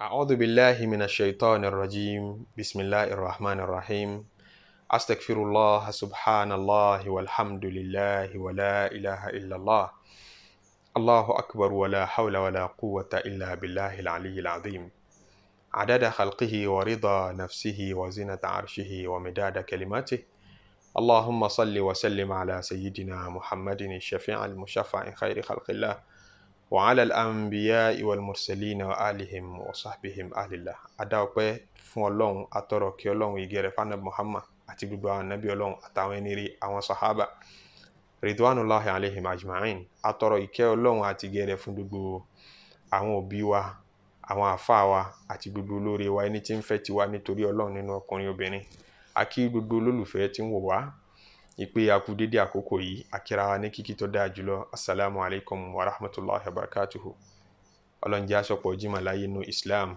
أعوذ بالله من الشيطان الرجيم بسم الله الرحمن الرحيم أستغفر الله سبحان الله والحمد لله ولا إله إلا الله الله أكبر ولا حول ولا قوة إلا بالله العلي العظيم عدد خلقه ورضا نفسه وزنة عرشه ومداد كلماته اللهم صل وسلم على سيدنا محمد الشفيع المشفع خير خلق الله wàhálà àmbíyá ìwàlmùsẹ̀lìnà alihim ọ̀sábìhim alìlá adáwọ̀pẹ́ fún ọlọ́run atọ́rọ̀ kí ọlọ́run ìgẹ̀rẹ̀ fana muhammad àti gbogbo àwọn nàbí ọlọ́run àtàwọn ẹni rí àwọn sahaba ridwanullahi alihim ajma'in atọ́rọ̀ ìkẹ́ ọlọ́run àti gẹ̀rẹ̀ fún gbogbo àwọn òbí wa àwọn àfa wa àti gbogbo olóore wa ẹni tí ń fẹ́ tiwa nítorí ọlọ́run nínú ọkùnrin obìnrin a kí gbogbo olólùfẹ́ tí ń wò wá ìpè àkúdédé àkókò yìí àkírà ní kíkí tó dáa jùlọ asalaamu alaykum wa rahmatulahi wa barakatuhu ọlọ́njẹ́ àsopọ̀ jimá láyé nínú islam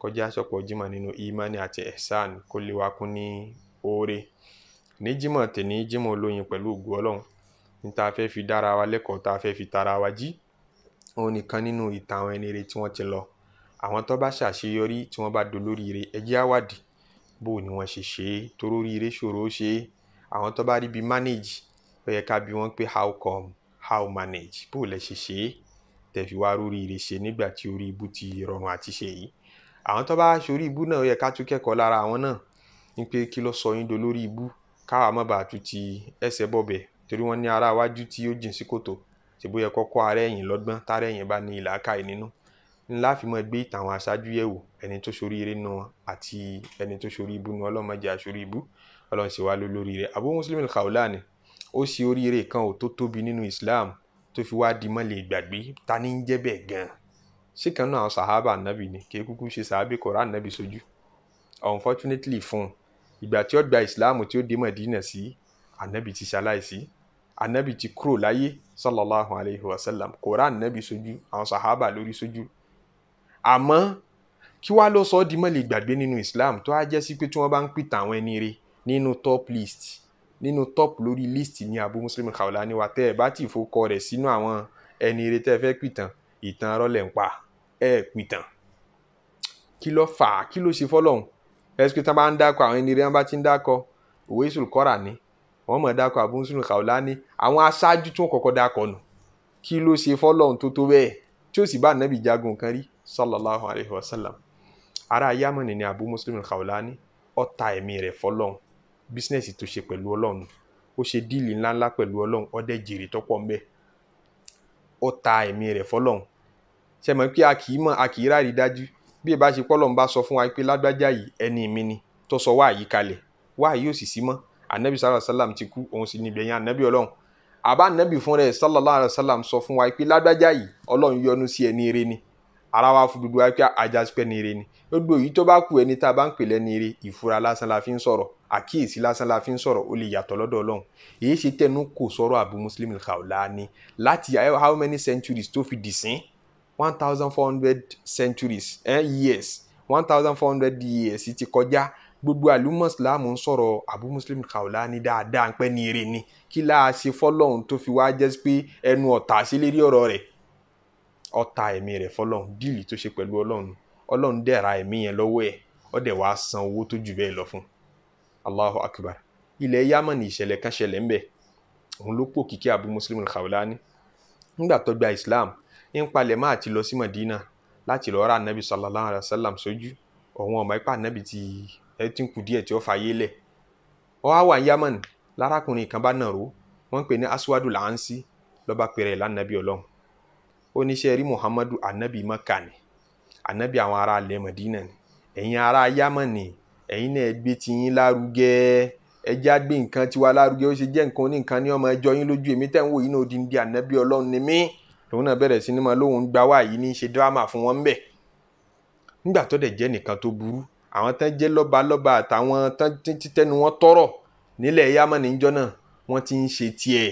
kọjá àsopọ̀ jimá nínú imani àti ihsan kó lè wá kún ní oore ní jimá tèmi jimá olóyin pẹ̀lú ògùn ọlọ́run ní tá a fẹ́ fi dára wa lẹ́kọ̀ọ́ tá a fẹ́ fi tara wa jí òun nìkan nínú ìtàn àwọn ẹni rere tí wọ́n ti lọ àwọn tó bá ṣàṣeyọrí tí wọ́n bá dolóríire ẹjẹ́ àwàdì bó ni wọ́n ṣe ṣe é toróríire ṣòro ṣe é àwọn tó bá rí bí manage ó yẹ ká bí wọ́n pé how come how manage bó lẹ ṣe ṣe é tẹ fi wá rórí ire ṣe nígbà tí orí ibú ti rọrùn àti ṣe yìí àwọn tó bá ṣorí ibú náà ó yẹ ká tún kẹ́kọ̀ọ́ lára àwọn náà ní pé kí ló sọ yín dolórí ibú káwa má bàa tún ti ẹsẹ̀ bọ̀bẹ̀ torí wọ́n ní ara wájú tí ó jìn sí kòtò ṣèbó yẹ kọ́kọ́ ara ẹ̀yìn lọ́gbọ́n tára ẹ̀yìn bá ní ìlàkàì nínú ńlá fi mọ́ gbé ìtàn àwọn aṣáájú yẹ̀wò ẹni tó ṣorí ire nù àti ẹni tó ṣorí ibú nù ọlọ́mọdé aṣorí ibú ọlọ́run ṣe wá lólóríire Abu Muslim al-Khawlani ó ṣe oríire kan ò tó tóbi nínú Islam tó fi wá di mọ́lẹ̀ ìgbàgbé ta ní ń jẹ́ bẹ́ẹ̀ gan-an ṣé kan náà sàhábà ni kì í kúkú ṣe sàhábì kọ̀ọ̀rọ̀ ànàbì sójú unfortunately fún ìgbà tí ó gba Islam tí ó dé Mọ̀dínà sí ànàbì ti ṣaláìsí ànàbì ti kúrò láyé sallallahu alayhi wa sallam kọ̀ọ̀rọ̀ ànàbì sójú àwọn sàhábà lórí sójú àmọ́ kí wàá lọ sọ ọ́ di mọ́lẹ̀ ìgbàgbé nínú Islam tó á jẹ́ sí pé tí wọ́n bá ń pìtàn àwọn ẹni rẹ̀ nínú top list nínú top lórí list ní Abu Muslim Khawlani wa tẹ́ ẹ bá ti fokọ rẹ̀ sínú àwọn ẹni eré tẹ́ fẹ́ pìtàn ìtàn rọlẹ̀ ń pa ẹ pìtàn kí ló fà á kí ló ṣe fọlọ́hún ẹsùn tí wọ́n bá ń dákọ̀ àwọn ẹni eré wọn bá ti ń dákọ̀ òwe ìṣòro kọ́ra ni wọ́n mọ̀ dákọ̀ Abu Muslim Khawlani àwọn aṣáájú tí wọ́n kọ́kọ́ dákọ̀ nù kí ló ṣe fọlọ́hún tó tó bẹ́ẹ̀ tí ó sì bá nàbì jagun kan rí sallallahu alayhi wa sallam ará Yámánì ni Abu Muslim Khawlani ó ta ẹ̀mí rẹ̀ fọlọ́hún bísínẹ́sì tó ṣe pẹ̀lú ọlọ́run ó ṣe díìlì ńláńlá pẹ̀lú ọlọ́run ó dẹ̀ jèrè tọ́pọ̀ ńbẹ́ ó ta ẹ̀mí rẹ̀ fọlọ́run ṣe mọ̀ pé a kì í mọ̀ a kì í ráàrí dájú bí ẹ bá ṣe pọ́lọ́run bá sọ fún wa pé lágbájá yìí ẹni mi ni tó sọ wáàyí kalẹ̀ wáàyí ò sì sí mọ́ anabi sallallahu alayhi wa sallam ti kú òun sì níbẹ̀ yẹn anabi ọlọ́run àbá anabi fúnra ẹ̀ sallallahu alayhi wa sallam sọ fún wa pé lágbájá yìí ọlọ́run yọ́nú sí ẹni eré ni ara wa fún gbogbo wa pé ajásípẹ́ ni ire ni gbogbo èyí tó bá kù ẹni tá a bá ń pè lẹ́ni ire ìfura lásán la fi ń sọ̀rọ̀ àkíyèsí lásán la fi ń sọ̀rọ̀ ó lè yàtọ̀ lọ́dọ̀ ọlọ́run èyí ṣe tẹnu kò sọ̀rọ̀ àbú muslim Khawlani láti eh, how many centuries tó fi dì one thousand four hundred centuries eh, years one thousand four hundred years ti kọjá gbogbo àlùmọ̀sílámù ń sọ̀rọ̀ àbú muslim Khawlani dáadáa ń pẹ́ ní ire ni kí láà ṣe fọ́lọ́run tó fi wá jẹ́ pé ẹnu ọ̀tà sí lérí ọ̀rọ̀ rẹ̀ ó ta ẹ̀mí rẹ̀ fọlọ́run díìlì tó ṣe pẹ̀lú ọlọ́run ọlọ́run dẹ̀ ra ẹ̀mí yẹn lọ́wọ́ ẹ̀ ó dẹ̀ san owó tó jù bẹ́ẹ̀ lọ fún allahu akbar ilẹ̀ yamani ìṣẹ̀lẹ̀ kan ṣẹlẹ̀ ńbẹ̀ òun ló pò kíkẹ́ abu muslim al-khawlani nígbà tó gba islam ń palẹ̀ máa ti lọ sí madina láti lọ́ọ́ ra anabi sallallahu alayhi wa sallam sójú ọ̀hún ọ̀mọ̀ ipá anabi ti ẹ ti ń kú díẹ̀ tí ó fàyè lẹ̀ ó wá wà yamani lárakùnrin kan bá nàró wọ́n ń pè ní aswadu lansi lọ́ba pèrè lánàbí ọlọ́run ó ní rí muhammadu anabi maka ni anabi àwọn ará ilẹ̀ madina ni ẹ̀yin ará yamani ni ẹ̀yin náà gbé tiyín lárugẹ ẹjẹ́ àgbé nǹkan tiwa lárugẹ ó ṣe jẹ́ nǹkan oníkan ní ọmọ ẹjọ́ yín lójú èmi tẹ̀ ń wò yín náà di di anabi ọlọ́run ni mí lòun náà bẹ̀rẹ̀ sí ni mo lóun gba wá yìí ní ṣe dírámà fún wọn bẹ̀ nígbà tó dẹ̀ jẹ́ nìkan tó burú àwọn tán jẹ́ lọ́ba lọ́ba àtàwọn títẹ́nu wọn tọrọ nílẹ̀ yamani níjọ́ náà wọ́n ti ń ṣe tiẹ̀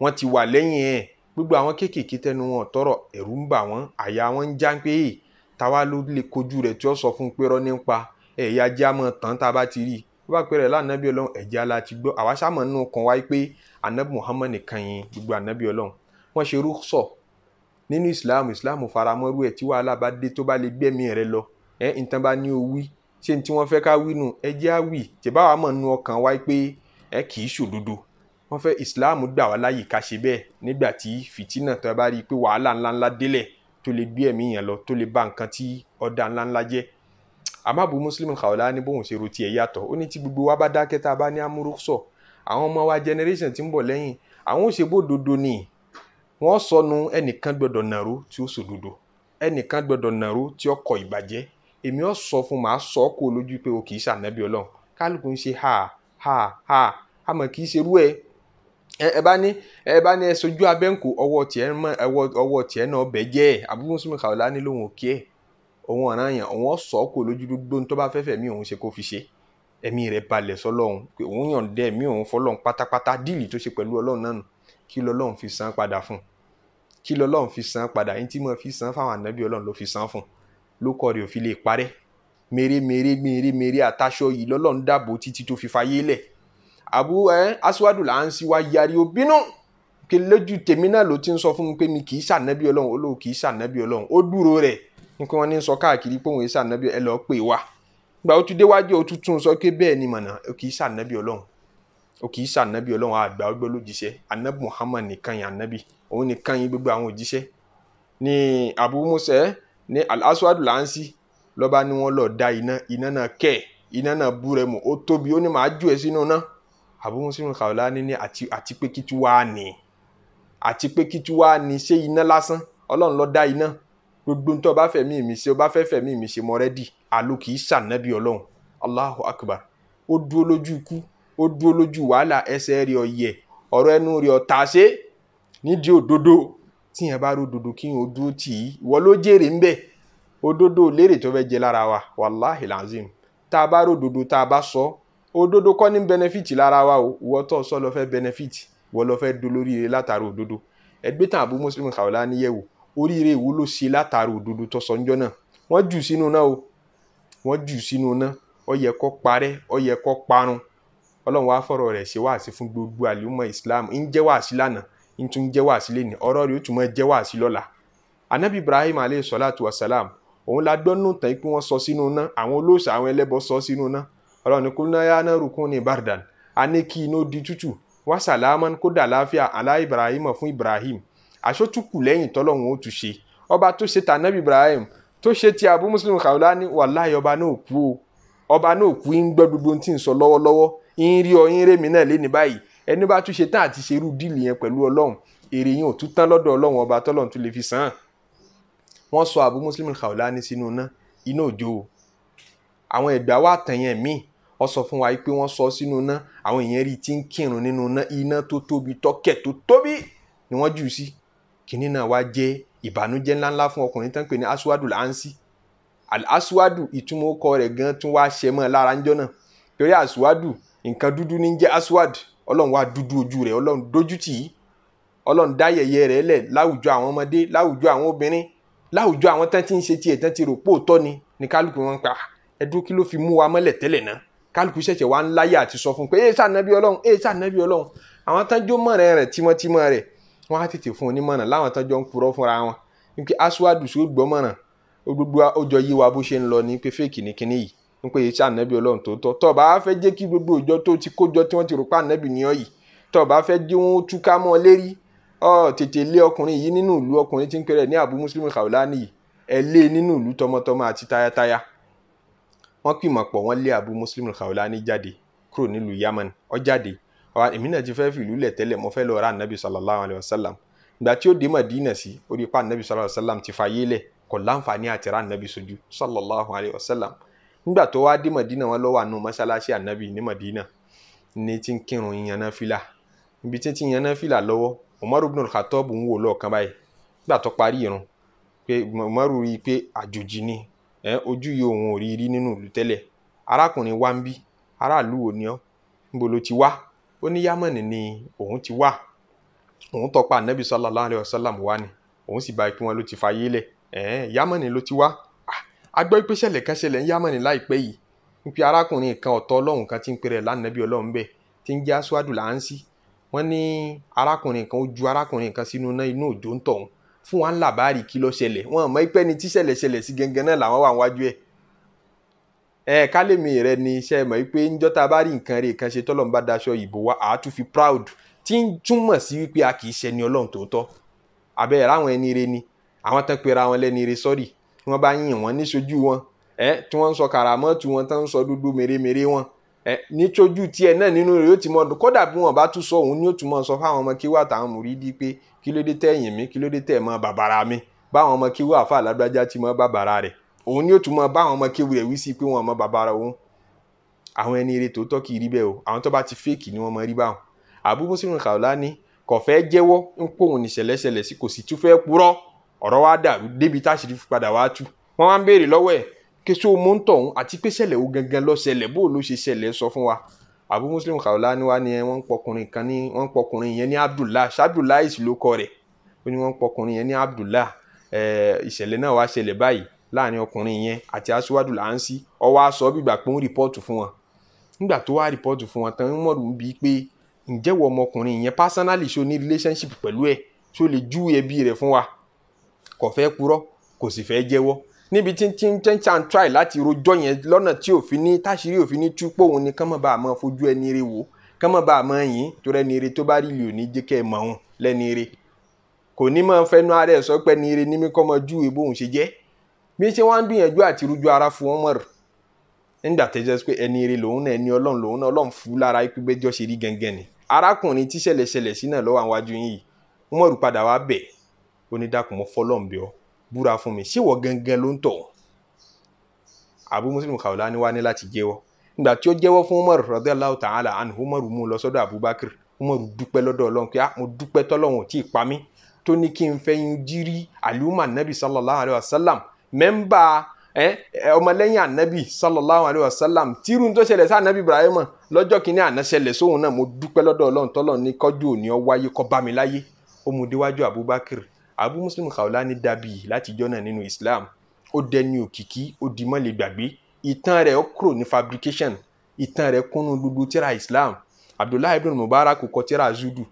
wọ́n ti wà lẹ́yìn ẹ̀ gbogbo àwọn kéékèèké tẹnu wọn tọrọ ẹ̀rù ń bà wọ́n àyà wọn ń já pé èè táwa ló lè kojú rẹ̀ tí ó sọ fún pé rọ́ nípa ẹ̀yà jẹ́ àmọ́ tán tá a bá ti rí i bó bá pẹ̀rẹ̀ lánàbí ọlọ́run ẹ̀jẹ̀ ala ti gbọ́ àwa sáàmọ̀ nínú kan wáyé pé anabi Muhammad nìkan yẹn gbogbo anabi ọlọ́run wọ́n ṣe rú sọ nínú Islam Islam faramọ́rú ẹ̀ tí wàhálà bá dé tó bá lè gbẹ̀mí rẹ lọ ẹ̀ nǹkan bá ní o wí ṣé ní tí wọ́n fẹ́ ká wí nù ẹ̀jẹ̀ á wì tẹ̀bá nínú ọkàn wáyé pé ẹ̀ kì í ṣòdodo wọ́n fẹ́ islam gbà wá láyè ká ṣe bẹ́ẹ̀ nígbà tí fìtínà tó bá rí i pé wàhálà ńláńlá délẹ̀ tó lè gbé ẹ̀mí yẹn lọ tó lè ba nǹkan tí ọ̀dà ńláńlá jẹ́ àmọ́ Abu Muslim Khawlani bóun ṣe roti ẹ̀ yàtọ̀ ó ní tí gbogbo wa bá dákẹ́ tá a bá ní amúrúsọ àwọn ọmọ wa generation ti ń bọ̀ lẹ́yìn àwọn ò ṣe bódodo ni wọ́n sọnù ẹnìkan gbọ́dọ̀ nàró tí ó sòdodo ẹnìkan gbọ́dọ̀ nàró tí ó kọ ìbàjẹ́ èmi ò sọ fún màá sọ kó lójú pé o kì í ṣànábì Ọlọ́run kálukú ń ṣe ha ha ha àmọ́ kì í ṣerú ẹ̀ ẹ bá ní ẹ bá ní ẹ sojú abẹ́ǹkò ọwọ́ tiẹ̀ mọ ẹwọ́ ọwọ́ tiẹ̀ náà bẹ̀ jẹ́ Abu Muslim Khawlani lòun ò kí ẹ̀ òun ọ̀ràn yẹn òun sọ kó lójú dúdú tó bá fẹ́fẹ́ mi òun ṣe kó fi ṣe ẹ̀mí rẹ̀ balẹ̀ sọlọ́run pé òun yàn dẹ́ ẹ̀mí òun fọlọ́run pátápátá díìlì tó ṣe pẹ̀lú ọlọ́run náà nù kí lọ́lọ́run fi san padà fún kí lọ́lọ́run fi san padà yín tí mo fi san fáwọn ànábì ọlọ́run ló fi san fún ló kọ́ rẹ̀ lè parẹ́ mèrè mèrè mèrè mèrè àtàṣọ yìí lọ́lọ́run dàbò títí tó fi fayé lẹ̀ abu ẹ eh, aṣíwájú là ń siwa yarí o bínú kí lójú tèmi náà ló ti ń sọ fún mi pé mi kì í ṣànábì ọlọ́run olóò kì í ṣànábì ọlọ́run ó dúró rẹ̀ nǹkan wọn ní sọ káàkiri pé òun e ṣànábì ẹ lọ́ọ́ pè wá gba ó déwájú ó tuntun sọ pé bẹ́ẹ̀ ni mọ̀nà ó kì í ṣànábì ọlọ́run ó kì í ṣànábì ọlọ́run àgbà ọgbẹ́ lójíṣẹ́ anabi muhammad nìkan yẹn anabi òun nìkan yẹn gbogbo àwọn òjíṣẹ́ ni abu musa ní al-aswadu lansi lọ́ba ni wọ́n lọ da iná iná náà kẹ́ iná náà bú rẹ̀ mọ́ ó tóbi ó ní màá jù ẹ́ sínú náà àbúmọ̀símù kàwéláni ní àti pé kí tí wàá ní àti pé kí tí wàá ní ṣé iná lásán ọlọ́run ló dá iná gbogbo tó o fẹ̀mí mi ṣe o fẹ́ fẹ̀mí mi ṣe mọ́rẹ́dì àlò kì í ṣànábì ọlọ́run Allahu Akbar ó dúró lójú ikú ó dúró lójú wàhálà ẹsẹ̀ rẹ̀ ọ̀yẹ̀ ọ̀rọ̀ ẹnu rẹ̀ ọ̀tà ṣe nídìí òdodo tí yẹn bá rí òdodo kí yẹn ó dúró tì í ìwọ ló jèrè ń bẹ̀ òdodo lérè tó fẹ́ jẹ lára wa wàláhì tá a bá rí òdodo tá a bá sọ òdodo kọ́ ní benefit lára wa o ìwọ tó sọ lọ fẹ́ benefit ìwọ lọ fẹ́ dolóríire látara òdodo ẹgbẹ́ tàn Abu Muslim kàwọ́lá níyẹ̀wò oríire ìwo ló ṣe látara òdodo tó sọ níjọ́ náà wọ́n jù sínú náà o wọ́n jù sínú náà ó yẹ kó parẹ́ ó yẹ parun ọlọ́run wá fọ̀rọ̀ rẹ̀ ṣe wáàsí fún gbogbo àlùmọ̀ Islam ń jẹ́ wáàsí lánàá ń tún jẹ́ wáàsí lẹ́nu ọ̀rọ̀ rẹ̀ ó tún mọ́ jẹ́ wáàsí lọ́la anabi Ibrahim aleyhi salatu wa salam òun la gbọ́nù tán pé wọ́n sọ sínú náà àwọn olóòṣà àwọn ẹlẹ́bọ sọ sínú náà ọlọ́run ní kúlúnà yá náà rúkún ní bardan a ní kí iná di tútù wá sàlámán kódà láàfíà alá ibrahim fún ibrahim àṣọtúkù lẹ́yìn tọ́lọ́run ó tún ṣe ọba tó ṣe tà ibrahim tó ṣe ti abu muslim khawlani wàláhì ọba náà kú o ọba náà kú ń gbọ́ gbogbo tí ń sọ lọ́wọ́lọ́wọ́ ń rí ọ ń rémi náà lé ní báyìí ẹni bá tún ṣe tán àti ṣerú díìlì yẹn pẹ̀lú ọlọ́run èrè yẹn ò tún tán lọ́dọ̀ ọlọ́run ọba tọ́lọ́run tún lè fi sàn án wọ́n sọ abu muslim khawlani sínú iná iná òjò àwọn ẹ̀gbá wa tàn míì ọ sọ fún wa pé wọ́n sọ sínú iná àwọn èèyàn rí ti ń kírun nínú iná iná tó tóbi tọ́kẹ̀ tó tóbi ni wọ́n jù sí kínní náà wá jẹ́ ìbànújẹ́ ńláńlá fún ọkùnrin tán pè ní aswadu lansi aswadu ìtumọ̀ ọkọ rẹ̀ gan tún wá ṣe mọ́ lára ńjọ́ náà torí aswadu nǹkan dúdú ní jẹ́ aswad ọlọ́run wá dúdú ojú rẹ̀ ọlọ́run dójú tì í ọlọ́run dá yẹ̀yẹ́ rẹ̀ lẹ̀ láwùjọ àwọn ọmọdé láwùjọ àwọn obìnrin láwùjọ àwọn tán ti ń ṣe tiẹ̀ tán ti rò pòótọ́ ni ní kálukú wọn pa ah, ẹdún kí ló fi mú wa mọ́lẹ̀ tẹ́lẹ̀ náà kálukú ṣẹ̀ṣẹ̀ wá ń láyé àti sọ fún pé ẹ ṣànábí ọlọ́run ẹ ṣànábí ọlọ́run àwọn tánjọ́ mọ̀rẹ́ rẹ̀ tímọ́tímọ́ rẹ̀ wọ́n á tètè fún onímọ̀ràn láwọn tánjọ́ ń purọ́ fúnra wọn ní pé aṣáájú sí gbọ́mọ̀ràn gbogbo ọjọ́ yìí wa bó ṣe ń lọ ní pé fèkì ní kinní yìí ń pè é ṣànábí ọlọ́run tòótọ́ tó bá fẹ́ jẹ́ kí gbogbo ìjọ tó ti kójọ tí wọ́n ti rò pa ànábì nìyọ́ yìí tó bá fẹ́ jẹ́ wọn túká mọ́ lérí ọ tètè lé ọkùnrin yìí nínú ìlú ọkùnrin tí ń pẹ́rẹ́ ní àbú mùsùlùmí kàwé lánìí ẹ̀ lé e nínú ìlú tọmọtọmọ àti tayátayá wọ́n pìmọ̀ pọ̀ wọ́n lé Abu Muslim al-Khawlani jáde kúrò nílùú Yaman ó jáde ọ̀rọ̀ èmi náà ti fẹ́ fi ìlú lẹ̀ tẹ́lẹ̀ mo fẹ́ lọ ra anabi sallallahu alayhi wa sallam ìgbà tí ó dé Madina sí ó rí pa anabi sallallahu alayhi wa sallam ti fàyè lẹ̀ kò láǹfààní àti ra anabi sojú sallallahu alayhi wa sallam nígbà tó wá dé Madina wọn lọ́wọ́ àánú mọ́sálásí anabi ní Madina ní ti ń kírun ìyànná fìlà ibi tí ti ìyànná fìlà lọ́wọ́ Umar ibn al ń wò lọ́ọ̀kan báyìí nígbà tó parí irun pé Umar rí i pé àjòjì ni ẹ̀ ojú yìí òun ò rí rí nínú ìlú tẹ́lẹ̀ arákùnrin wa ń bí aráàlú wo ni ọ́ níbo ló ti wá ó ní yámọ̀nì ni òun ti wá òun tọpa ànábì sallallahu alaihi wasallam ni òun sì bá ikú wọn ló ti fayé lẹ̀ ẹ̀ yámọ̀nì ló ti wá pé kan ń yámọ̀nì láìpẹ́ yìí arákùnrin kan ọlọ́run kan ti ń pèrè lánàbí ọlọ́run bẹ́ẹ̀ ti ń jẹ́ fún wa ń làbárì kí ló ṣẹlẹ̀ wọn mọ̀ pé ni tí ṣẹlẹ̀ ṣẹlẹ̀ sí gangan náà làwọn wà wájú ẹ̀ ẹ kálẹ̀mí rẹ ni iṣẹ́ mọ̀ pé ńjọ́ tá a bá rí nǹkan rẹ̀ kan ṣe tọ́lọ́run bá daṣọ ìbò wa àá tún fi proud tí ń túmọ̀ sí wípé a kì í ṣẹni ọlọ́run tòótọ́ àbẹ́ ráwọn ẹni re ni àwọn tán pera wọn lẹ́ni re sọ́rí wọ́n bá yìn wọ́n níṣojú wọn ẹ tí wọ́n ń sọ kàràmọ́ọ̀tù wọn tán ń sọ dúdú mèremère wọn ẹ nítojú tiẹ̀ náà nínú rẹ̀ yóò ti mọ kódà bí wọn bá tún sọ òun ni yóò tún mọ sọ fáwọn ọmọ kíwà táwọn mùrídìí pé kí ló dé tẹ̀yìn mi kí ló dé tẹ̀ mọ́ bàbàrà mi báwọn ọmọ kíwà àfa àlágbájá ti mọ́ bàbàrà rẹ̀ òun ni yóò tún mọ báwọn ọmọ kíwà ẹ̀wí sí pé wọn mọ bàbàrà òun àwọn ẹni eré tòótọ́ kì í rí bẹ́ẹ̀ o àwọn tó bá ti fèkì ni wọ́n mọ rí báwọn Abu Muslim Khawlani kò fẹ́ jẹ́wọ́ ń pò òun nìṣẹ̀lẹ̀ṣẹlẹ̀ sí kò sì tún fẹ́ purọ́ ọ̀rọ̀ wa dà débi táṣìírí padà kí ṣé o mọ̀ ń tọ̀hún àti pé ṣẹlẹ̀ o gangan ló ṣẹlẹ̀ bó ló ṣe ṣẹlẹ̀ sọ fún wa Abu Muslim Khawlani wa ni wọ́n ń pọkùnrin kan ní wọ́n ń pọkùnrin yẹn ní Abdullah Abdullah is ló kọ rẹ̀ ó ní wọ́n ń pọkùnrin yẹn ní Abdullah ìṣẹ̀lẹ̀ náà wá ṣẹlẹ̀ báyìí láàrin ọkùnrin yẹn àti aṣíwájú là ń sí ó wá sọ bígbà pé ó ń rìpọ́ọ̀tù fún wọn nígbà tó wá rìpọ́ọ̀tù fún wọn tán ń mọ̀rù ń bíi pé ǹjẹ́ wọ ọmọkùnrin yẹn personally ṣo ní relationship pẹ̀lú ẹ̀ ṣo lè ju ẹbí rẹ̀ fún wa kò fẹ́ purọ́ kò sì fẹ́ jẹ́wọ́ níbi tí tí ń tẹ́ńtà try láti rojọ́ yẹn lọ́nà tí òfin ní táṣírí òfin ní tú pé òun ni kánmọ́ bá a mọ́ fojú ẹni rè wò kánmọ́ bá a mọ́ yín torí ẹni rè tó bá rí lò ní jẹ́ kẹ́ ẹ mọ̀ òun lẹ́ni rè kò ní máa fẹnu ara ẹ̀ sọ pé ẹni rè ní mí kọ́ mọ ju ìbò òun ṣe jẹ́ bí ṣe wá ń gbìyànjú àti rújú ara fún wọn mọ̀rọ̀ nígbà tẹ́jọ́ pé ẹni rè lòun náà ẹni ọlọ́run lòun náà ọlọ́run fún lára ikú búra fún mi ṣé ìwọ gangan ló ń tọ̀ Abu Muslim Khawlani wá ni láti jẹ́wọ́ nígbà tí ó jẹ́wọ́ fún Umar radiyallahu ta'ala anhu Umar mú lọ sọ́dọ̀ Abubakar Umar dúpẹ́ lọ́dọ̀ Ọlọ́run pé ah, mo dúpẹ́ tọ́lọ́run tí ì pa mí tó ní kí n fẹ́yìn jírí aliuma nabi sallallahu alayhi wa sallam mẹ́mbà ọmọlẹ́yìn anabi sallallahu alayhi wa sallam tírú tó ṣẹlẹ̀ sí anabi Ibrahim lọ́jọ́ kìíní àná ṣẹlẹ̀ sóhun náà mo dúpẹ́ lọ́dọ̀ Ọlọ́run tọ́lọ́run ní kọ́jú òní ọ wáyé ó mu déwájú Abubakar abu muslim khawlani Dabi látijọ́ náà nínú islam ó dẹni òkìkí ó di mọ́lẹ̀ gbàgbé ìtàn rẹ̀ ó kúrò ní fabrication ìtàn rẹ̀ kúnnú gbogbo tíra islam abdullahi ibn mubarak kọ tíra zudu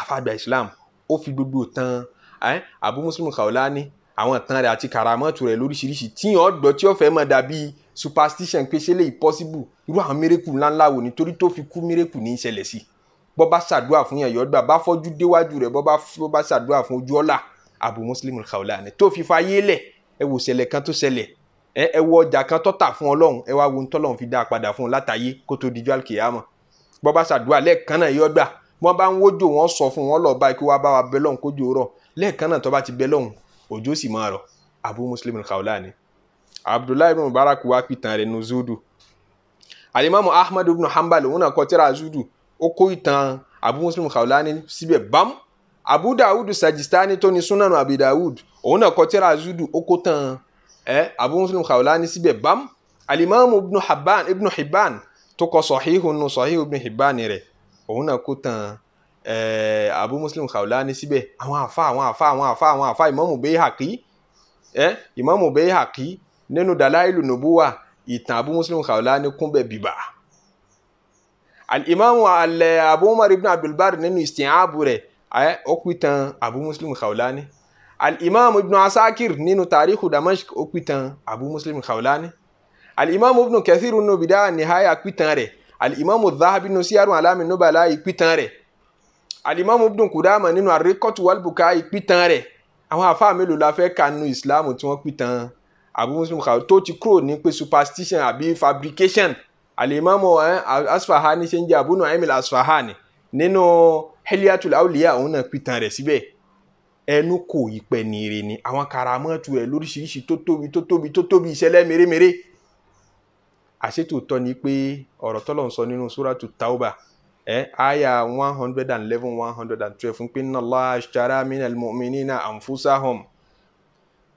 afagba islam ó fi gbogbo tán abu muslim khawlani àwọn ìtàn rẹ̀ àti karamọ́tò rẹ̀ lóríṣiríṣi tí yàn ọ́dọ̀ tí ó fẹ́ mọ̀ dàbí superstition pé ṣe lè possible irú àwọn miracle ńláńlá wò nítorí tó fi kú miracle ní í sí i bọ́ bá ṣàdúrà fún yàn yọ̀ọ́dúrà bá fọ́jú déwájú rẹ̀ bọ́ bá ṣàdúrà fún ojú ọ̀la Abu Muslim al-Khawlani tó fi fa ayé lẹ̀ ẹ wò ṣẹlẹ̀ kan tó ṣẹlẹ̀ ẹ ẹ wo ọjà kan tó tà fún ọlọ́run ẹ wá wo ohun tọ́lọ́run fi dá a padà fún un látàyé kó tó dijọ́ àlùkìyàmọ̀ bọ́ bá ṣàdúrà lẹ́ẹ̀kan náà yọ̀ọ́dúrà wọ́n bá ń wójò wọ́n sọ fún wọn lọ́ọ́ báyìí kí wọ́n bá wa bẹ lọ́hùn kójò rọ̀ lẹ́ẹ̀kan náà tó bá ti bẹ lọ́hùn òjò sì máa rọ̀ Abu Muslim al-Khawlani Abdullahi ibn Mubarak wa pitan rẹ̀ nu zudu Alimamu Ahmad ibn Hanbal òun náà kọ tírà zudu ó kó abu muslim khawlani sibe bam abu dawud sajistani tó ní sunanu abi dawud òun náà kọ tírà zudu ó kó tàn ẹ abu muslim khawlani sibe bam alimamu ibnu hibban ibnu hibban tó kọ sọ̀híhun nù sọ̀híhun ibnu hibban rẹ̀ òun náà kó tàn ẹ abu muslim khawlani sibe àwọn àfa àwọn àfa àwọn àfa àwọn àfa imamu haki ẹ imamu haki nínú dalailu nubuwa ìtàn abu muslim khawlani kúnbẹ̀ bíbà alimami alẹ abu umar ibn abdulbar nínú isti'abu rẹ̀ ẹ ó kú tán abu muslim khawlani alimami ibn asakir nínú tarihu damashq ó kú tán abu muslim khawlani alimami ibn kathir nínú bidaya nihaya kú tán rẹ̀ alimami zahabi nínú siyaru alami nubala kú tán rẹ̀ alimami ibn kudama nínú arikọtu walbuka kú tán rẹ̀ àwọn àfáà mélòó la fẹ́ kà islam tí wọ́n pìtàn abu muslim khawlani tó ti kúrò ní pé superstition àbí fabrication alimami eh, asfahani ṣe ń jẹ́ abunu emil asfahani nínú heliatul awliya òun náà pitan rẹ̀ síbẹ̀ ẹnu kò ìpẹ́ nìire ni àwọn karamọ́tù rẹ̀ lóríṣiríṣi tó tóbi tó tóbi tó tóbi ìṣẹ̀lẹ̀ mèremère àṣetòótọ́ ni pé ọ̀rọ̀ tọ́lọ̀ ń sọ nínú suratu tauba ẹ àyà one hundred and eleven one hundred and twelve ń pè ní Allah ashtara minal mu'minina anfusahum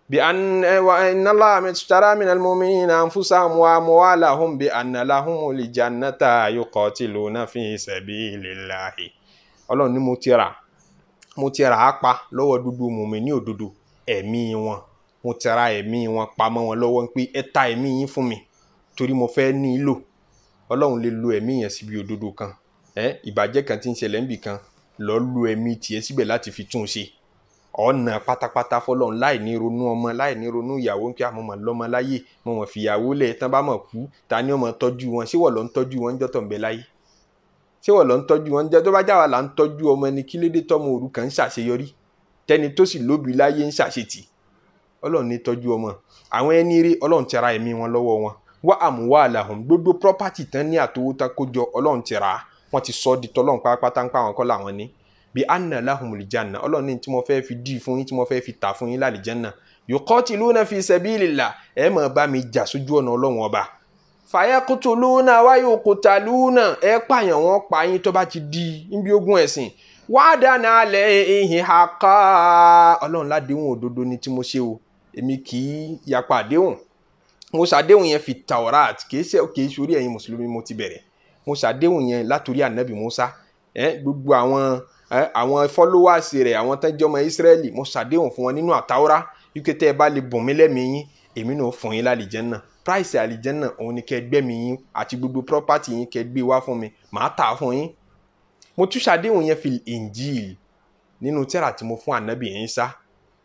بأن وإن الله اشترى من المؤمنين أنفسهم وأموالهم بأن لهم الجنة يقاتلون في سبيل الله Ọlọ́run ni mo ti rà mo ti rà á pa lọ́wọ́ dúdú mùmíní òdodo ẹ̀mí wọn mo ti ra ẹ̀mí wọn pamọ́ wọn lọ́wọ́ pé ẹ ta ẹ̀mí yín fún mi torí mo fẹ́ ní í lò Ọlọ́run lè lo ẹ̀mí yẹn síbi òdodo kan ẹ ìbàjẹ́ kan tí ń ṣẹlẹ̀ níbì kan lọ́ọ́ lo ẹ̀mí tiẹ̀ síbẹ̀ láti fi tún un ṣe ọ̀nà pátápátá fọlọ́run láì ní ronú ọmọ láì ní ronú ìyàwó pé àmọ́ ah, mọ̀ lọ́mọ láyé mọ̀ wọ́n fìyàwó lẹ̀ tán bá mọ̀ kú ta ni ọmọ tọ́jú wọn ṣé wọ́n lọ ń tọ́jú wọn jọ́tọ̀ ń bẹ láyé ṣé wọ́n lọ ń tọ́jú wọn jẹ́ tó bá jáwa là ń tọ́jú ọmọ ni kí lédè tọ́mọ òrukàn ń ṣàṣeyọrí tẹni tó sì lóbi láyé ń ṣàṣetì ọlọ́run ní tọ́jú ọmọ àwọn ẹni rí ọlọ́run ti ra ẹ̀mí wọn lọ́wọ́ wọn wá àmúwá àlàhùn gbogbo property tán ní àtowó tán kójọ ọlọ́run ti rà á wọ́n ti sọ ọ́ di tọ́lọ́run bí anna lahumul janna ọlọ́run ní tí mo fẹ́ fi dì fún yín tí mo fẹ́ fi tà fún yín lálìjánná yuqatiluna fi sabilillah ẹ máa bá mi jà sójú ọ̀nà ọlọ́run ọba fàyàkùtùlùnà wáyùkùtàlùnà ẹ pààyàn wọn pa yín tó bá ti di níbi ogun ẹ̀sìn wádàánà alẹ́ ìhìn àká ọlọ́run ládéhùn òdodo ni tí mo ṣe o èmi kì í yapa àdéhùn mo ṣàdéhùn yẹn fi taurat kì í ṣe kì àwọn followers rẹ̀ àwọn tán jọmọ Ísírẹ́lì mo ṣàdéhùn fún wọn nínú àtàwọ́rá wípé tẹ́ ẹ bá lè bùn mí lẹ́mìí yín èmi náà fún yín lálìjẹ́nà price àlìjẹ́nà òun ni kẹ́ gbẹ́mí yín àti gbogbo property yín kẹ́ gbé wá fún mi màá tà á fún yín mo tún ṣàdéhùn yẹn fi Injil nínú tẹ́rà tí mo fún ànábì yẹn sá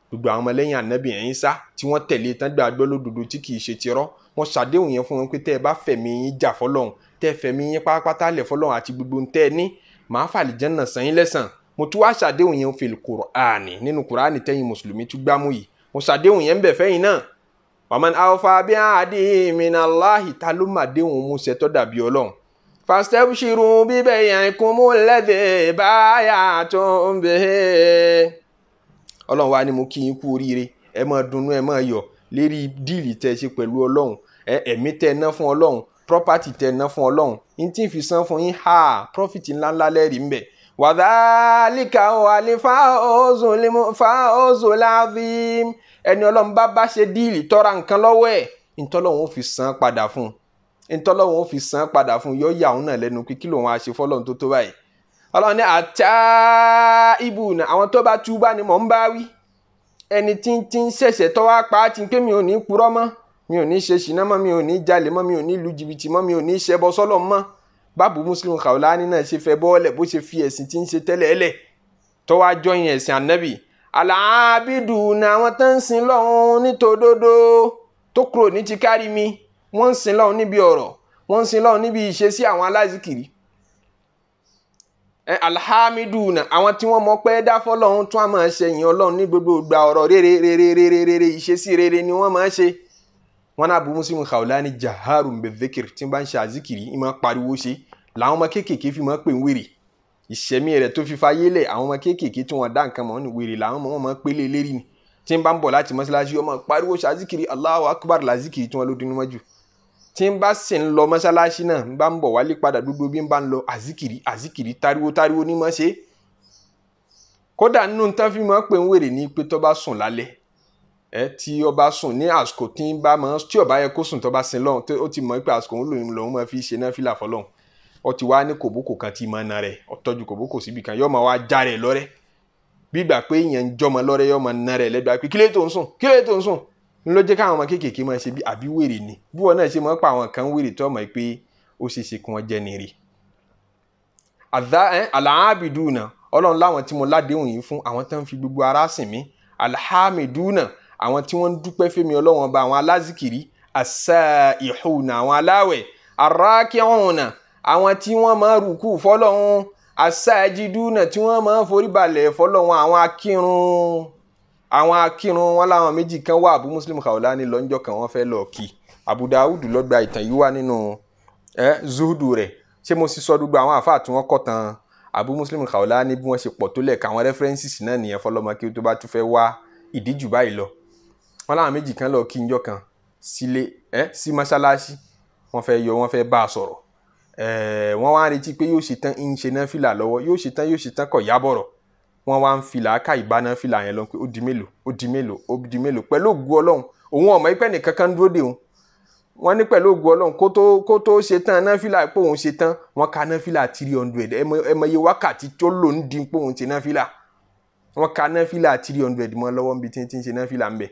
gbogbo àwọn ọmọlẹ́yìn ànábì yẹn sá tí wọ́n tẹ̀lé e tán gbàgbọ́ lódodo tí kì í ṣe tirọ́ mo ṣàdéhùn yẹn fún wọn pé tẹ́ ẹ bá fẹ̀mí yín jà fọlọ́hún tẹ́ ẹ fẹ̀mí yín pátápátá lẹ̀ fọlọ́hún àti gbogbo ntẹ́ ẹ ní màá fàlì jẹ́nà sàn yín lẹ́sàn mo tún wá ṣàdéhùn yẹn fil kùránì nínú kùránì tẹ́yìn mùsùlùmí tún gbámú yìí mo ṣàdéhùn yẹn bẹ̀ fẹ́yìn náà wàmán awfa bí adi min Allahi ta ló mà déhùn mú ṣe tọ́ dàbí ọlọ́run fastabshiru bíbẹ̀ yẹn kún mú lẹ́dẹ̀ báyà tó ń bẹ̀. ọlọ́run wa ni mo kí yín kú oríire ẹ máa dunnú ẹ máa yọ̀ lérí díìlì tẹ́ ṣe pẹ̀lú ọlọ́run ẹ̀mí tẹ́ ná fún ọlọ́run property tẹ̀ ná fún ọlọ́run n tí n fi san fún yín ha profit ńláńlá lẹ́rìí ńbẹ̀ wàdálíkà wàlí fáwọ́sọ láàbìm ẹni ọlọ́run bá bá ṣe díìlì tọ́ra nǹkan lọ́wọ́ ẹ̀ ntọ́lọ́run ó fi san padà fún ntọ́lọ́run ó fi san padà fún yọ yà òun náà lẹ́nu pé kí lòun á ṣe fọ́lọ́run tó tó báyìí ọlọ́run ní àtà ibùnà àwọn tó bá túbá ni mò ń bá wí ẹni tí ń tí ń ṣẹ̀ṣẹ̀ tọ́wọ́ apá tí ń kémi ò ní purọ́ mọ́ mi ò ní ṣe ṣìnà mọ́ mi ò ní jalè mọ́ mi ò ní lu jìbìtì mọ́ mi ò ní ṣẹbọ sọ́lọ̀ mọ́ báàbù Muslim Khawlani náà ṣe fẹ́ bọ́ọ̀lẹ̀ bó ṣe fi ẹ̀sìn tí ń ṣe tẹ́lẹ̀ ẹ̀lẹ̀ tó wá jọyìn ẹ̀sìn ànábì aláàbìdù ni àwọn tó ń sin lọ́hún nítòdodo tó kúrò ní ti kárí mi wọ́n ń sin lọ́hún níbi ọ̀rọ̀ wọ́n ń sin lọ́hún níbi ìṣesí àwọn alázìkiri alhamiduna àwọn tí wọ́n mọ̀ pé dá fọ́lọ́hún tún á máa ṣe ìyìn Ọlọ́run ní gbogbo ìgbà ọ̀rọ̀ rere rere rere rere ìṣesí rere ni wọ́n máa ṣe wọn náà Abu Muslim Khawlani jaharun bidhikr tí n bá ń ṣe àzikiri ìmọ̀ pariwo ṣe làwọn ọmọ kéékèèké fi máa pè ń wèrè ìṣẹ̀mí rẹ̀ tó fi fayé lẹ̀ àwọn ọmọ kéékèèké tí wọ́n dá nǹkan mọ̀ ní wèrè làwọn ọmọ wọn máa pélé lérí ni tí n bá ń bọ̀ láti mọ́ṣáláṣí ọmọ pariwo ṣàzikiri Allahu akbar làzikiri tí wọ́n ló dínú mọ́jú tí n bá sì ń lọ mọ́ṣáláṣí náà n bá ń bọ̀ wálé padà dúdú bí n bá ń lọ àzikiri àzikiri tariwo tariwo ní mọ́ kódà nínú tán fi máa pè ń wèrè ní pé tó bá sùn lálẹ́ ẹ tí ó bá sùn ní àsìkò tí ń bá mọ́ tí ó bá yẹ kó sùn tó bá sin lọ́hùn tó ti mọ̀ pé àsìkò òun lòun máa fi ṣe náà fìlà fọlọ́hùn ó ti wá ní kòbókò kan tí máa na rẹ̀ ó kòbókò síbi kan yóò máa wá já rẹ̀ lọ́rẹ́ gbígbà pé èèyàn ń jọmọ lọ́rẹ́ yóò máa na rẹ̀ lẹ́gbàá pé kílẹ̀ tó ń sùn kílẹ̀ tó ń sùn ń ló jẹ́ káwọn ọmọ kéékèèké máa ṣe bí àbí wèrè ni bí wọn náà ṣe máa pa àwọn kan wèrè tó mọ̀ pé ó ṣe ṣe kí wọ́n jẹ́ àlàábìdùnà ọlọ́run láwọn tí mo ládéhùn yìí fún àwọn tó ń fi gbogbo ara sìn mí alhamiduna àwọn tí wọ́n ń dúpẹ́ fẹ́mi ọlọ́run ọba àwọn alázìkìrí as-sa'ihuna àwọn aláwẹ̀ arraki'una àwọn tí wọ́n máa rúkú fọlọ́run as-sajiduna tí wọ́n máa forí balẹ̀ fọlọ́run àwọn akírun àwọn akírun wọn láwọn méjì kan wà Abu Muslim Khawlani lọ́njọ́ kan wọ́n fẹ́ lọ kí Abu Dawud lọ́gba ìtàn yìí wá nínú eh, zuhudu rẹ̀ ṣé mo sì sọ gbogbo àwọn àfáà tí wọ́n kọ́ tán Abu Muslim Khawlani bí wọ́n ṣe pọ̀ tó lẹ̀ káwọn references náà nìyẹn fọlọ́mọ kí o tó bá tún fẹ́ wá ìdíjú báyìí lọ wọn láwọn méjì kan lọ kí njọ kan sílé ẹ sí mọ́ṣáláṣí wọ́n fẹ́ yọ wọ́n fẹ́ bá a sọ̀rọ̀ ẹ̀ẹ́ wọ́n wá ń retí pé yóò ṣetán ń ṣe náà fìlà lọ́wọ́ yóò ṣetán yóò ṣetán kọ̀ yábọ̀rọ̀ wọ́n wá ń filà ká ìbáná fìlà yẹn lọ pé ó di mélòó ó di mélòó ó di mélòó pẹ̀lú ògùn ọlọ́run òun ọ̀mọ́ ipẹ́ nìkan kan dúró dè òun wọ́n ní pẹ̀lú ògùn ọlọ́run kó tó kó tó ṣetán náà fìlà pé òun ṣetán wọ́n ka náà fìlà three hundred ẹmọye wákàtí tó lò ń dín pé òun ṣe náà fìlà wọ́n ka náà fìlà three hundred mọ́ lọ́wọ́ níbi tí ń ṣe náà fìlà ń bẹ̀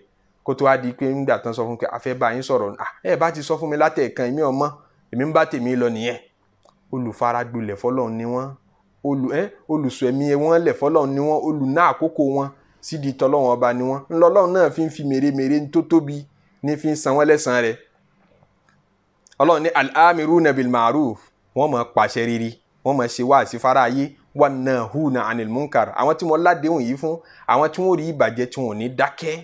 kó tó wá di pé ńgbà tán sọ fún mi pé a fẹ́ bá yín sọ̀rọ̀ ah, ẹ bá ti sọ fún mi látẹ̀ẹ̀kan èmi ọmọ èmi ń bá tèmi lọ nìyẹn olùfaragbolẹ̀ fọlọ́run ni wọ́n olù ẹ olùsọ ẹ̀mí wọn lẹ̀ fọlọ́run ni wọ́n olùná àkókò wọn sídìí tọ́lọ́run ọba ni wọ́n ńlọ́lọ́run náà fi ń fi mèremère tó tóbi ní fi ń san wọ́n lẹ́sàn-án rẹ̀ ọlọ́run ní al-amiruna bil ma'ruf wọ́n máa pàṣẹ rere wọ́n máa ṣe wáàsí fáráyé wan nahuna anil munkar àwọn tí wọ́n ládéhùn yìí fún àwọn tí wọ́n rí ìbàjẹ́ tí wọ́n ní dákẹ́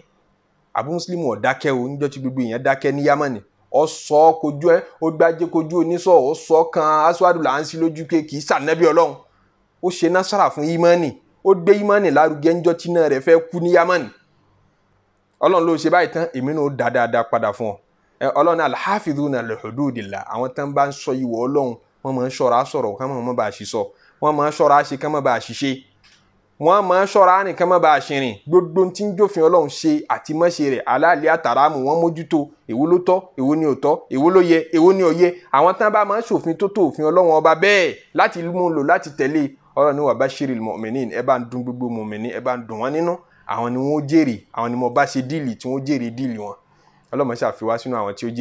àbú mùsùlùmí ọ̀ dákẹ́ o níjọ́ tí gbogbo èèyàn dákẹ́ ní yámánì ọ sọ ọ kojú ẹ ó gbájé kojú onísọ ọ sọ kan aṣáájú là ń sí lójú pé kì í sànẹ́bí ọlọ́run ó ṣe násàrà fún ímánì ó gbé ímánì lárugẹ níjọ́ tí náà rẹ̀ fẹ́ kú ní yámánì ọlọ́run ló ṣe báyìí tán èmi náà ó dá dáadáa padà fún ọ ọlọ́run alhafiduna lihududillah àwọn tán bá ń sọ ìwọ ọlọ́run wọ́n máa ń ṣọ́ra sọ̀rọ̀ kán máa bá a ṣiṣọ́ wọ́n máa ń ṣọ́ra ṣe kán máa bá a ṣiṣẹ́ wọ́n máa ṣọ́ra nìkan má bàa ṣìrìn gbogbo tí ń jófin ọlọ́run ṣe àti mọ́ṣe rẹ̀ aláàlẹ́ àtàràmù wọ́n mójútó èwo ló tọ́ èwo ni ò tọ́ èwo ló yẹ èwo ni ò yẹ àwọn tán bá máa ṣòfin tó tó òfin ọlọ́run ọba bẹ́ẹ̀ láti mú lò láti tẹ̀lé ọlọ́run ní wà bashiril mu'minin ẹ bá ń dùn gbogbo mu'minin ẹ bá ń dùn wọ́n nínú àwọn ni wọ́n jèrè àwọn ni mo bá ṣe díìlì tí wọ́n jèrè díìlì wọn ọlọ́run ṣá sínú àwọn tí ó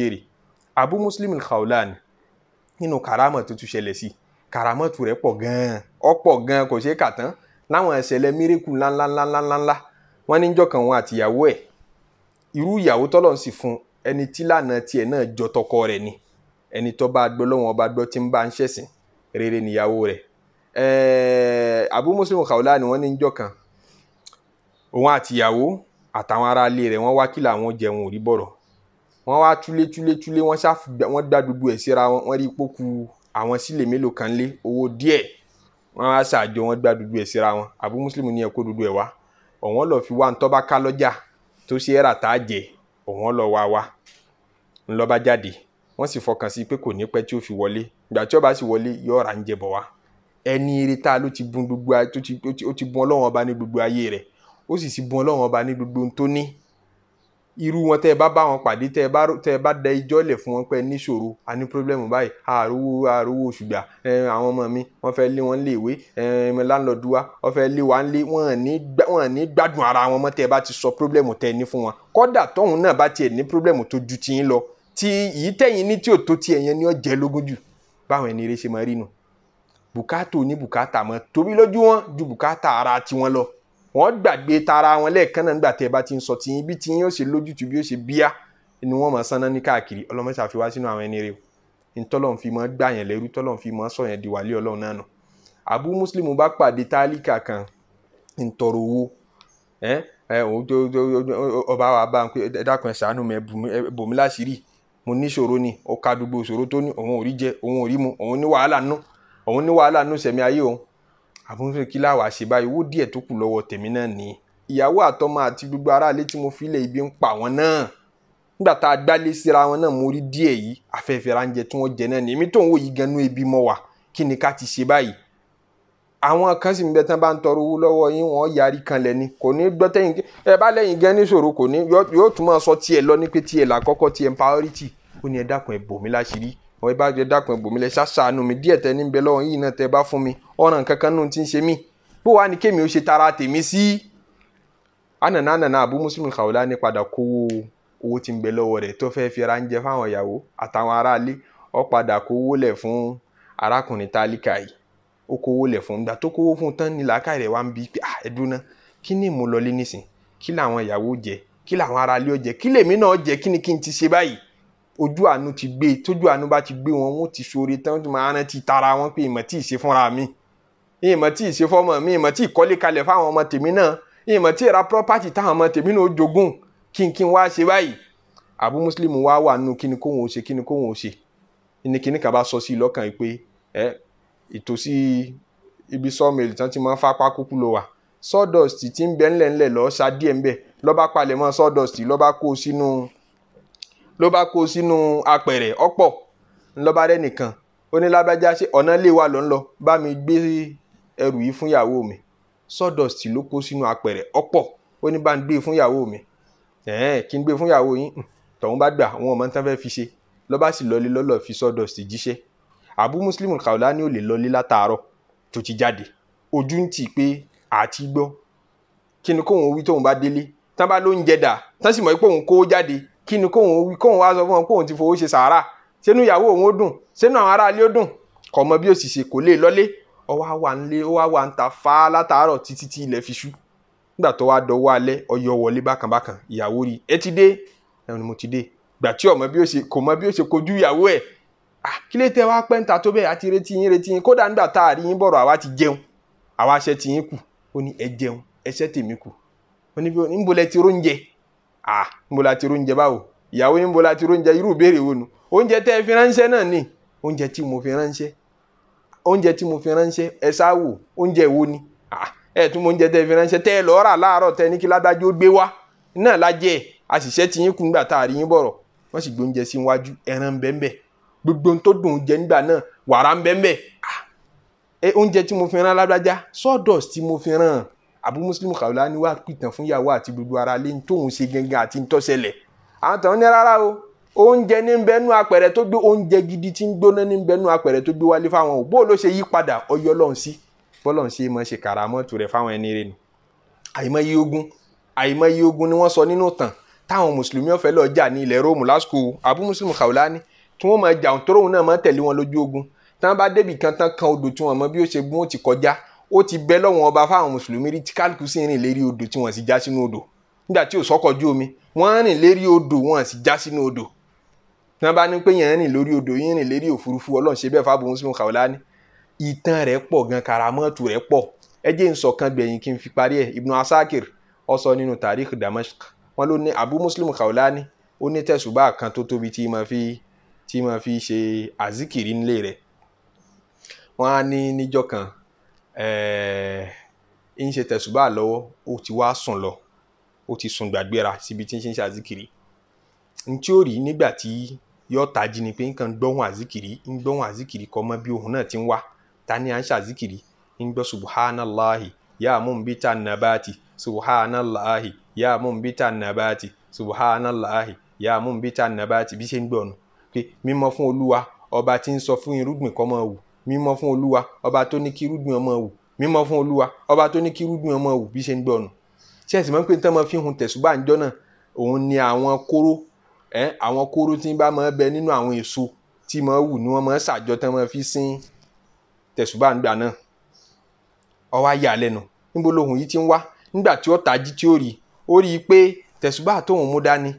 Abu Muslim al-Khawlani nínú kàrámà tó tún ṣẹlẹ̀ sí kàrámà tù rẹ̀ pọ̀ gan-an láwọn ìṣẹ̀lẹ̀ mírèkù ńláńláńláńláńlá wọ́n ní jọ́kan wọn àtìyàwó ẹ̀ irú ìyàwó tọ́lọ̀ ń sì fún ẹni tí lànà tiẹ̀ náà jọ tọkọ rẹ̀ ni ẹni tó bá gbọ́ lọ́wọ́n ọba gbọ́ tí ń bá ń ṣẹ̀sìn rere níyàwó rẹ̀ ẹ̀ẹ́ Abu Muslim Khawlani ni wọ́n ní jọ́kan òun àtìyàwó àtàwọn ará ilé rẹ̀ wọ́n wá kí làwọn jẹun ò rí bọ̀rọ̀ wọ́n wá túlé túlé túlé wọ́n ṣáà wọ́n dá gbogbo síra wọn rí ipò àwọn sílè mélòó kan lé owó díẹ̀ wọ́n á ṣàjọ wọn gbá dúdú ẹ̀ síra wọn àbú mùsùlùmí ni ẹ kó dúdú ẹ̀ wá ọ̀wọ́n lọ fi wá ń tọ́ba ká lọ́jà tó ṣe é rà tá a jẹ ọ̀wọ́n lọ wá wá ńlọ́ba jáde wọ́n sì fọkàn sí pé kò ní pẹ́ tí ó fi wọlé ìgbà tí ó sì wọlé yóò ra ń jẹ bọ̀ wá ẹni eré tá ló ti bun gbogbo ayé ó ti bun ọlọ́wọ́n ọba ní gbogbo ayé rẹ̀ ó sì ti bun ọlọ́wọ́n ọba ní gbogbo ohun tó ní irú wọn tẹ́ ẹ bá bá wọn pàdé tẹ́ ẹ bá tẹ́ ẹ bá da ijọ́ lẹ̀ fún wọn pé níṣòro a ní pírọ́blẹ́mù báyìí àrùwò àrùwò ṣùgbà àwọn ọmọ mi wọ́n fẹ́ lé wọn léèwé láńlọ́ọ̀dù wa wọ́n fẹ́ lé wa lé wọn ò ní gbádùn ara wọn mọ́ tẹ́ ẹ bá ti sọ pírọ́blẹ́mù tẹ́ ẹ ní fún wọn kọ́dà tọ́hún náà bá tiẹ̀ ní pírọ́blẹ́mù tó ju tiyín lọ tí yìí tẹ̀yìn ní tí ò tó tiẹ̀ ni ó jẹ́ lógún jù ju bùkátà ara tiwọn lọ wọ́n gbàgbé tara wọn lẹ́ẹ̀kan náà nígbà tẹ́ ẹ bá ti ń sọ tiyín bí tiyín ó ṣe lójútu bí ó ṣe bíyà ni wọ́n máa sanná ní káàkiri ọlọ́mọṣà fi wá sínú àwọn ẹni rẹ o ntọ́lọ́n fi máa gbà yẹn lẹ́rú tọ́lọ́n fi máa sọ yẹn di wàlẹ́ ọlọ́run náà nù Abu Muslim bá pàdé tálíkà kan ntọrọ owó ẹ ẹ ọba wa bá ń pè ẹ dákun ẹ ṣàánú mi ẹ bòmí láṣìírí mo níṣòro ni ọkà àdúgbò ṣòro tó ní òun ò rí jẹ òun ò rí mu òun ní wàhálà nù òun ní wàhálà nù sẹ̀mí ayé òun àfúnfẹ́ kí láwàá ṣe báyìí owó díẹ̀ tó kù lọ́wọ́ tèmi náà ni ìyàwó àtọmọ àti gbogbo aráalé tí mo fi lè ibi ń pa wọn náà nígbà tá a gbálé síra wọn náà mo rí díẹ̀ yìí afẹ́fẹ́ ránjẹ tí wọ́n jẹ náà ni èmi tó ń wò yìí ganú ebi mọ́ wa kí ni ká ti ṣe báyìí àwọn kan sì ń bẹ tán bá ń tọrọ owó lọ́wọ́ yín wọ́n yarí kan lẹ́ni kò ní gbọ́ tẹ́yìn ẹ bá lẹ́yìn gan níṣòro kò ní yóò tún sọ tiẹ̀ lọ ní pé tiẹ̀ là tiẹ̀ priority ó ní ẹ dákun ẹ bò mí láṣìírí ọ̀ ẹ bá jẹ dákun ẹ̀bùn mi lẹ ṣàṣàánú mi díẹ̀ tẹ ní bẹ lọ́wọ́ yìí náà tẹ bá fún mi ọ̀ràn kankan nù ti ń ṣe mí bó wàá ní kémi ó ṣe tara tèmi sí. ànànà ànànà àbú Muslim Khawlani padà kówó owó ti ń bẹ lọ́wọ́ rẹ̀ tó fẹ́ẹ́ fi ra ń jẹ fáwọn ìyàwó àtàwọn aráalé ó padà kówó lẹ̀ fún arákùnrin tálíkà yìí ó kówó lẹ̀ fún gbà tó kówó fún tán ní làákàyè rẹ̀ wá ń bí pé ẹ̀dúná kí ni mo lọ lé nísìn kí làwọn ìyàwó jẹ kí làwọn aráalé ó jẹ kí lèmi náà jẹ kí ni kí n ti ṣe báyìí ojú àánú ti gbé tójú àánú bá ti gbé wọn wọn ti ṣoore tán tó máa rántí tara wọn pé ìmọ̀ tí ì ṣe fúnra mi ìmọ̀ tí ì ṣe fọ́mọ mi ìmọ̀ tí ì kọ́lé kalẹ̀ fáwọn ọmọ tèmi náà ìmọ̀ tí ì ra property táwọn ọmọ tèmi náà jogún kí n kí n wá ṣe báyìí àbú muslim wá wà nù kí ni kóhun ò ṣe kí ni kóhun ò ṣe ní kíní kan bá sọ sí i lọ́kàn yìí pé ẹ ìtòsí ibi sọ́ọ̀mẹ̀lì tán ti máa ń fa pákókú lọ wà sawdust ti ń bẹ ńlẹ̀ ńlẹ̀ lọ́ọ́ sa díẹ̀ ńbẹ̀ lọ́ba palẹ̀mọ́ sawdust lọ́ba kó sínú ló bá kó sínú apẹ̀rẹ̀ ọ̀pọ̀ ńlọ́ba rẹ̀ nìkan ó ní lábájá ṣe ọ̀nà lè wà ló ń lọ bá mi gbé ẹrù yìí fún ìyàwó mi sawdust ló kó sínú apẹ̀rẹ̀ ọ̀pọ̀ ó ní bá ń gbé e fún ìyàwó mi ẹ̀ẹ́n kí n gbé e fún ìyàwó yín tọ̀hún bá gbà wọn ọmọ tán fẹ́ fi ṣe lọ́ba sì lọlé lọ́lọ́ fi sawdust jíṣẹ́ Abu Muslim Al-Khawlani ò lè lọlé látàárọ̀ tó ti jáde ojú ń tì pé àti gbọ́ kí ni kóun wí tóun bá délé tán bá ló ń jẹ dà tán sì mọ̀ pé òun kó jáde kí ni kóun wí kóun wá sọ fún wọn kóun ti fowó ṣe sàárà sínú ìyàwó òun ó dùn sínú àwọn aráalé ó dùn kò mọ bí ó sì ṣe kò lè lọlé ó wá wà nílé ó wá wà ń ta fa látàárọ̀ títí tí ilẹ̀ fi ṣú nígbà tó wá dọwọ́ alẹ́ ọyọ wọlé bákan bákan ìyàwó rí ẹ ti dé ẹnu ni mo ti dé gbà tí ọmọ bí ó ṣe kò mọ bí ó kojú ìyàwó ẹ̀ ah, kí lè tẹ wá pẹ́ ń ta tó bẹ́ẹ̀ àti retí yín retí yín kódà nígbà tá a rí yín bọ̀rọ̀ àwa ti jẹun àwa ṣẹ́ ti yín kù ó ní ẹ jẹun ẹṣẹ́ tèmi kù ó ní bí ó ti róúnjẹ ah níbo la ti róúnjẹ báwo ìyàwó níbo la ti róúnjẹ irú ìbéèrè wo nu oúnjẹ tẹ́ ẹ fi ránṣẹ́ náà ni oúnjẹ tí mo fi ránṣẹ́ oúnjẹ tí mo fi ránṣẹ́ ẹ sáwò oúnjẹ wo ni ah ẹ tún mo oúnjẹ tẹ́ ẹ fi ránṣẹ́ tẹ́ ẹ lọ́ọ́ rà láàárọ̀ tẹ́ ní kí ládájú ó gbé wá náà lájẹ́ ẹ àṣìṣe ti yín kú nígbà tá a rí yín bọ̀rọ̀ wọ́n sì gbóúnjẹ sí iwájú ẹran bẹ́ẹ̀ gbogbo tó dùn jẹ nígbà náà wàrà ń bẹ́ẹ̀ ah, oúnjẹ tí mo fi rán ládájá sawdust tí mo fi rán abu muslim Khawlani wa pìtàn fún ìyàwó àti gbogbo ara lé tóun ṣe gangan àti ntọ́sẹ̀lẹ̀ àwọn tàn ní rárá o oúnjẹ ní bẹnu apẹ̀rẹ̀ tó gbé oúnjẹ gidi tí ń gbóná ní bẹnu apẹ̀rẹ̀ tó gbé wálé fáwọn òbó ló ṣe yí padà ọyọ lọ́hùn sí bọ́lọ̀ ń ṣe mọ̀ ṣe kàràmọ́tò rẹ̀ fáwọn ẹni rẹ̀ nù àìmọye ogun àìmọye ogun ni wọ́n sọ nínú tàn táwọn mùsùlùmí ọ̀fẹ́ lọ jà ní ilẹ̀ róòmù lásìkò abu muslim Khawlani tí wọ́n máa jà òun tóróhùn náà máa tẹ̀lé wọn lójú ogun tí wọ́n bá débì kan tán kan odò tí wọ́n mọ bí ó ṣe gún ó ti kọjá ó ti bẹ lọ́wọ́n ọba fáwọn mùsùlùmí rí tí kálukú sì rìn lérí odò tí wọ́n sì já sínú odò nígbà tí ò sọ́kọ̀jú omi wọ́n rìn lérí odò wọ́n sì já sínú odò tí wọ́n bá ní pé yẹn rìn lórí odò yẹn rìn lérí òfurufú ọlọ́run ṣe bẹ́ẹ̀ fábùn mùsùlùmí Khawlani ìtàn rẹ̀ pọ̀ gan karamọ́ọ̀tù rẹ̀ pọ̀ ẹ jẹ́ n sọ kan gbẹ̀yìn kí n fi parí ẹ̀ Ibn Asakir ó sọ nínú Tarikh Damashq wọn ló ní Abu Muslim Khawlani ó ní tẹ̀sùbá kan tó tóbi tí ma fi tí ma fi ṣe àzíkìrí nílé rẹ̀ wọ́n á ní níjọ́ kan Eh, ń ṣe tẹ̀sùbà lọ́wọ́ ó ti wá sùn lọ ó ti sùn gbàgbéra síbi tí ń ṣe ń ṣe àzíkiri n tí ó rí nígbà tí yóò tají ni pé nǹkan gbọ́hùn àzíkiri ń gbọ́hùn àzíkiri kọ́ mọ́ bí ohun náà ti ń wá ta ni à ń ṣàzíkiri ń gbọ́ subhanallahi ya mumbita nabati subhanallahi ya mumbita ya bí ọba ti ń sọ fún irúgbìn kọ́ mímọ́ fún olúwa ọba tó ní kí irúgbìn ọmọ wù mímọ́ fún olúwa ọba tó ní kí irúgbìn ọmọ wù bí ṣe ń gbọ́nu ṣé ẹ̀sìn mọ́ pé tán máa fi hun tẹ̀sùbà ńjọ́ náà òun ni àwọn kóró ẹ àwọn kóró tí ń bá máa bẹ nínú àwọn èso tí máa wù ni wọ́n máa ṣàjọ tán máa fi sín tẹ̀sùbà ńgbà náà ó wá yà lẹ́nu níbo lohùn yìí ti ń wá nígbà tí ó tají tí ó rí ó rí i pé tẹ̀sùbà tóun mú dání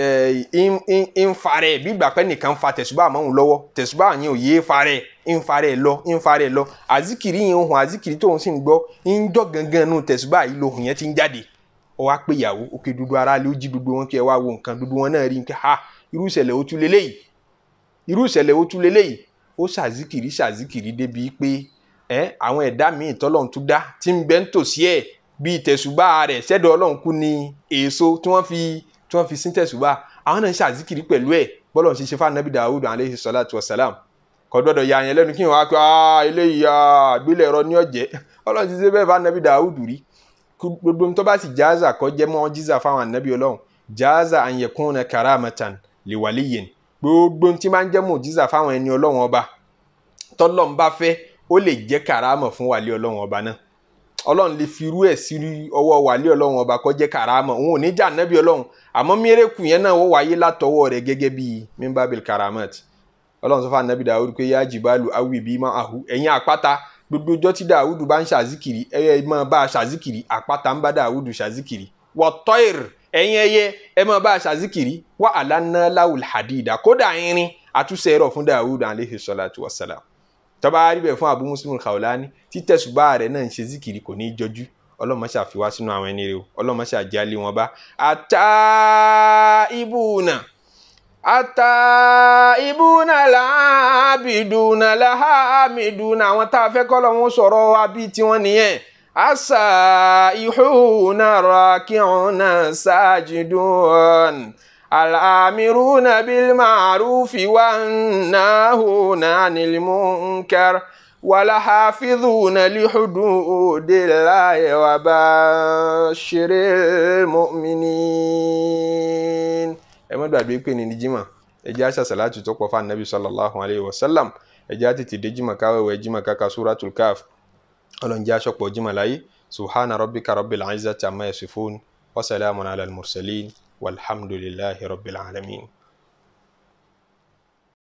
ń eh, farẹ̀ bí ìgbà pé nìkan fa tẹ̀sùbá àmọ́hùn lọ́wọ́ tẹ̀sùbá yẹn ò yé farẹ̀ ń farẹ̀ lọ ń farẹ̀ lọ azikiri yẹn ohun azikiri tóun sì ń gbọ́ ń jọ gangan nu tẹ̀sùbá yìí lohun yẹn ti ń jáde ọ wá pé ìyàwó òkè dúdú ara ló jí dúdú wọn kí ẹ wá wo nǹkan dúdú wọn náà rí nǹkan ha irú ìṣẹ̀lẹ̀ ó tún leléyìí irú ìṣẹ̀lẹ̀ ó tún leléyìí ó ṣàzikiri ṣàzikiri débi pé ẹ àwọn ẹ̀dá míì tọ́lọ́run tún dá tí ń bẹ ń tòsí ẹ̀ bíi tẹ̀sùbá rẹ̀ sẹ́dọ̀ ọlọ́run kú ni èso tí wọ́n fi tí wọ́n fi síntẹ̀sì wá àwọn náà ń ṣàzíkiri pẹ̀lú ẹ̀ bọ́lọ̀ ṣe ṣe fún anabi dawud aleyhi salatu wa salam kọ́dọ̀dọ̀ ya yẹn lẹ́nu kí wọ́n á pé ah, eléyìí àgbélẹ̀ ah, ẹ̀rọ ní ọ̀jẹ́ ọlọ́run ti ṣe bẹ́ẹ̀ fún anabi dawud rí gbogbo tó bá sì jáàzà kọ́ jẹ́ mọ́ jíza fáwọn anabi ọlọ́run jáàzà àyẹ̀kúnnà karamatan lèwàlíyìn gbogbo tí máa ń jẹ́ mọ́ jíza fáwọn ẹni ọlọ́run ọba tọ́lọ́run bá fẹ́ ó lè jẹ́ karama fún wàlí ọlọ́run ọba náà ọlọ́run lè fi irú ẹ̀ sí ọwọ́ wàlí ọba kọjẹ́ karama òun ò ní jà nẹ́bí ọlọ́run àmọ́ mírèkù yẹn náà wọ́n wáyé látọwọ́ rẹ̀ gẹ́gẹ́ bí mímbàbíl karamat ọlọ́run sọ fún anabi dawud pé yá jìbálù awi bí má ahu ẹ̀yin àpáta gbogbo ọjọ́ tí dawud bá ń ṣàzíkiri ẹ̀yẹ ẹ̀ máa bá a ṣàzíkiri àpáta ń bá dawud ṣàzíkiri wọ́tọ́ìr ẹ̀yin ẹyẹ ẹ̀ máa bá a ṣàzíkiri wà alánà láwùl hadida kódà irin tọ́ba aríbẹ̀ fún Abu Muslim Khawlani títẹ̀sùbá rẹ̀ náà ń ṣe zikiri kò ní í jọjú ọlọ́mọṣà fi sínú àwọn ẹni rẹ̀ o ọlọ́mọṣà jẹ́ wọn bá ata ibuna ata ibuna làábìdùnà làhámìdùnà àwọn tá a fẹ́ kọ́ lọ́wọ́ sọ̀rọ̀ abí tiwọn nìyẹn asa ihuna rakihuna sajidun. الآمرون بالمعروف والناهون عن المنكر ولحافظون لحدود الله وبشر المؤمنين ẹ má gbàgbé pé ní jimá ẹ jẹ́ àṣà sàlátù tó pọ̀ fún anabi sallallahu alayhi wa sallam ẹ jẹ́ àtètè dé jimá káwéwé jimá kaka suratul kaf ọlọ́njẹ́ aṣọ́pọ̀ jimá láyé subhana rabbika rabbil izzati amma yasifun wa salamun ala al-mursalin. والحمد لله رب العالمين